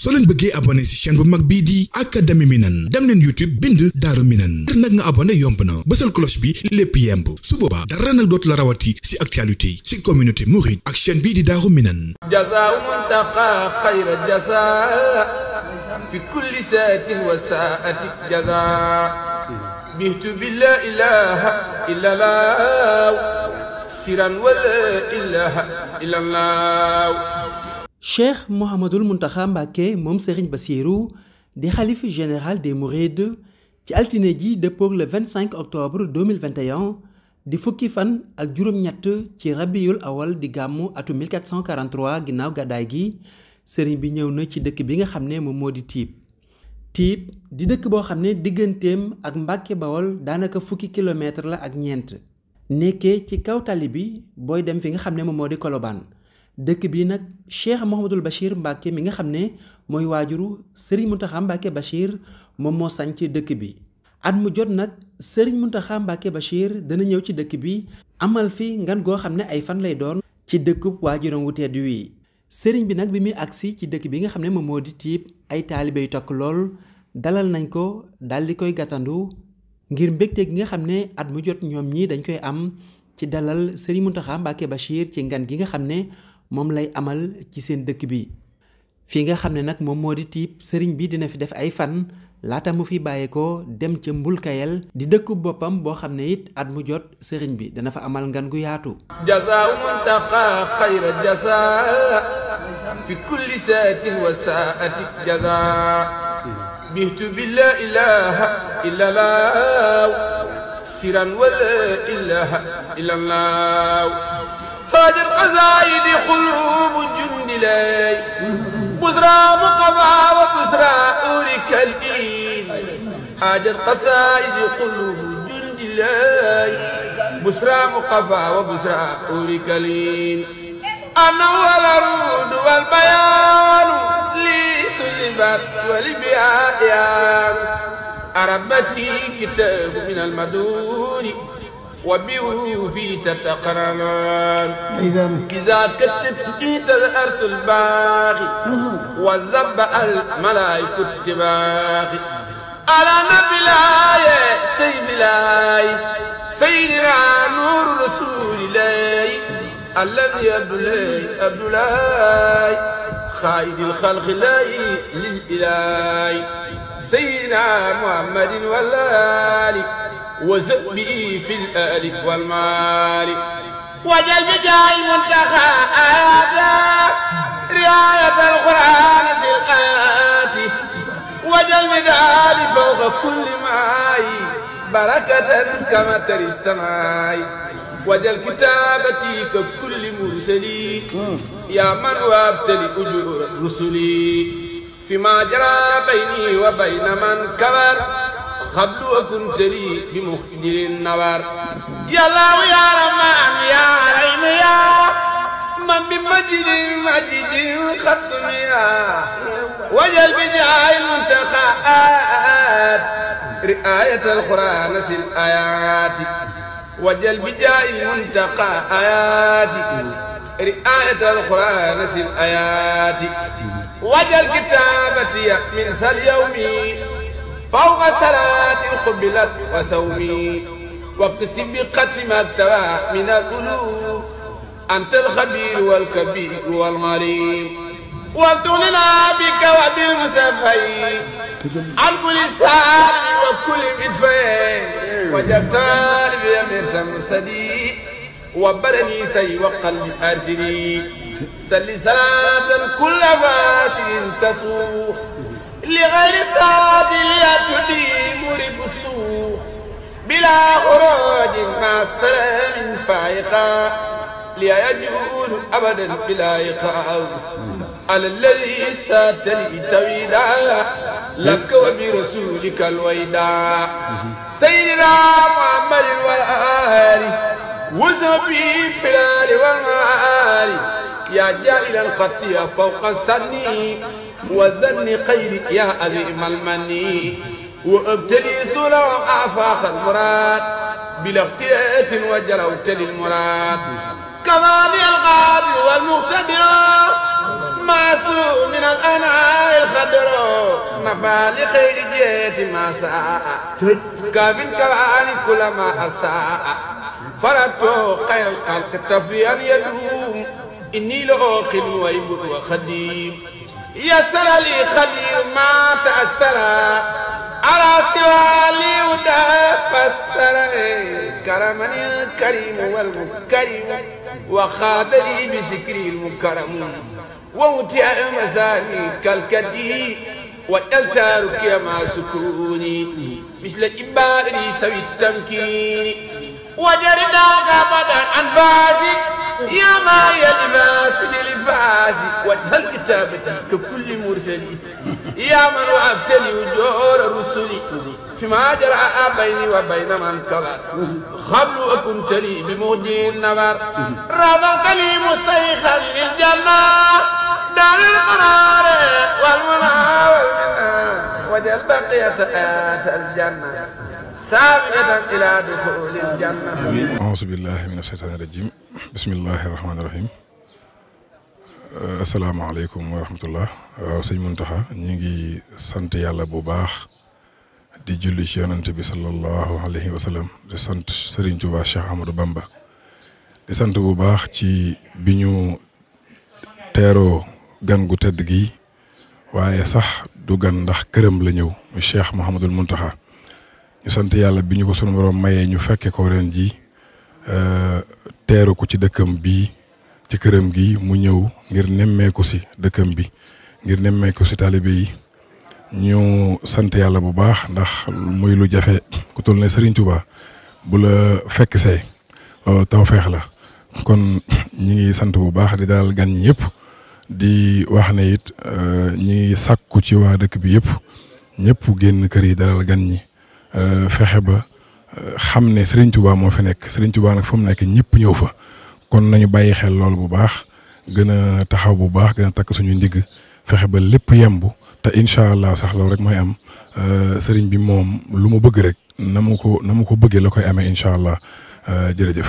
soo leen bëggee abonné ci bu mag bii di académie Minane dem leen YouTube bind Daaru Minane ngir nag nga abonné yomb na bësal cloche bi lépp yemb su boobaa dara nag dootu la rawati ci actualité ci communauté ak chaîne bii di Daaru Minane jazaa muntaqa xayra jazaa jazaa bi laa ilaaha wa laa ilaaha cheikh Mouhamadul Mountakha Mbacké moom ba Bassirou di xalif général des Mourides ci altine ji dëppoog le 25 octobre 2021 di fukki fan ak juróom-ñett ci rabiyul awal di gàmmu atu 1443 ginnaaw gàddaay gi Serigne bi ñëw na ci dëkk bi nga xam ne moom moo di Tiib Tiib di dëkk boo xam ne digganteem ak Mbàkke Bawol daanaka fukki kilomètre la ak ñeent nekkee ci kaw tali bi booy dem fi nga xam ne moom moo di Kolobaan dëkk bii nag Cheikh Mouhamadul Bachir Mbacke mi nga xam ne mooy waajuru Serigne Mountakha Mbacke Bachir moom moo sañ sànc dëkk bi at mu jot nag Serigne Mountakha Mbacke Bachir dana ñëw ci dëkk bi amal fi ngan goo xam ne ay fan lay doon ci dëkkub waajuram wu tedd wi Serigne bi nag bi muy agsi ci dëkk bi nga xam ne moom moo di tiib ay taalibe yu takk lool dalal nañ ko daal di koy gàttandu ngir mbégte gi nga xam ne at mu jot ñoom ñii dañ koy am ci dalal Serigne Mountakha Mbacke Bachir ci ngan gi nga xam ne. moom lay amal ci seen dëkk bi fii nga xam ne nag moom moo di tiib sëriñ bi dina fi def ay fan laata mu fi bàyyeekoo dem ca mbulkayel di dëkku boppam boo xam ne it at mu jot sëriñ bi dana fa amal ngan gu yaatu jazaa muntaqa xayra jazaa fi kulli saatin wa saati jazaa bihtu bi laa ilaaha illallaahu siran wa laa ilaaha illallaahu هذه القصائد قلوب الجند لي بسرى مقبى وبسرى أورك الإيد هذه القصائد قلوب الجند لي بسرى مقبى وبسرى أورك الإيد أنا والعرود والبيان لي سلبت ولبيان أربتي كتاب من المدور وبه في تتقرنان إذا كتبت إيد الأرس الباغي وذب الملائكة التباغي على نبي لاي سيف لاي سيدنا نور رسول الله الذي أبلاي أبلاي خائد الخلق لاي للإله سيدنا محمد والآل وزد به في الآل والمال وجل بجاه المنتهى آياتا رعاية القرآن سلقات وجل بدال فوق كل ماي بركة كما تري السماء وجل كتابتي ككل مرسلي يا من وابتلي أجور رسلي فيما جرى بيني وبين من كبر xablu akuntari bi mu dilin nawaar yàllaaw yaa ramaan yaa rahim yaa man bi majidin majidin xasum yaa wajal bi jaay muntaxaat riayat alquran sil ayaati wajal bi jaay muntaqa ayaati riayat alquran sil ayaati wajal kitaabati min sal yawmi فوق صلاة قبلت وسومي واقسم بقتل ما ابتوى من القلوب أنت الخبير والكبير والمريم ولتغننا بك وبالمسفي عن كل سالم وكل مدفي وجبت بيمين تمسدي وبرني سي وقلبي أرسلي سل سلامة كل فاسد تصوح لغير سالم اليد ديمر بسوخ بلا خراج مع السلام فايقا لا يجول أبدا بلا يقاو على الذي ساتلي تويدا لك وبرسولك الويدا سيدنا محمد والآل وزبي في الآل والآل يا جائل الخطيئة فوق السنين وذن خير يا أذيم المني وابتلي سلام آفاق المراد بلا افتئات وجلوت للمراد كما الغادي والمقتدر معصوم من الأنعاء الخضر مفعل خير جيت ما ساء كافٍ كواني كل ما أساء فردت خير الخلق تفريا يدعو إني لأوخل ويب وخديم يسر لي خدير ما تأثر على سوى لي ودا فسر كرما الكريم والمكرم وخاذ لي بشكري المكرم وأوتي مساني كالكدي والتارك مع سكوني مثل إباري سوي التمكين وجرد غابة أنفاسي يا ما يلباس للباس وجه الكتابة ككل مرسل يا من وابتلي وجور رسلي فيما جرى بيني وبين من كبر خبل أكنت لي بمهدي النبر رضت لي مسيخا للجنة دار المنار والمنى والمنى وجل بقية آت الجنة سابقة إلى دخول الجنة أعوذ بالله من الشيطان الرجيم bisimilah rahmaani rahiim asalaamaaleykum wa rahmatullah waaw sëñ Muntaxa ñu ngi sant yàlla bu baax di julli ci yonante bi sallallahu alayhi di sant Serigne Touba Cheikh Amadou Bamba di sant bu baax ci biñu ñu teeroo gan gu tedd gi waaye sax du gan ndax këram la ñëw mu Cheikh Mouhamadul Muntaxa ñu sant yàlla bi ñu ko sunu borom mayee ñu fekke ko ren ji Euh, teeru ko ci dëkkam bi ci këram gi mu ñëw ngir nemmeeku si dëkkam bi ngir nemmeeku si taalibe yi ñu sant yàlla bu baax ndax muy lu jafe ku toll ne Serigne bu la fekk see loolu tawfeex la kon ñi ngi sant bu baax di daal gan ñi yëpp di wax ne it euh, ñi ngi sàkku ci waa dëkk bi yëpp ñëpp génn kër yi dalal gan ñi euh, fexe ba. xam ne Serigne Touba moo fi nekk Serigne Touba nag fu mu nekk ñëpp ñëw fa kon nañu bàyyi xel loolu bu baax gën a taxaw bu baax gën a takk suñu ndigg fexe ba lépp yembu te incha allah sax loolu rek mooy am euh, Serigne bi moom lu mu bëgg rek na mu ko na mu ko bëggee la koy amee incha allah euh, jërëjëf.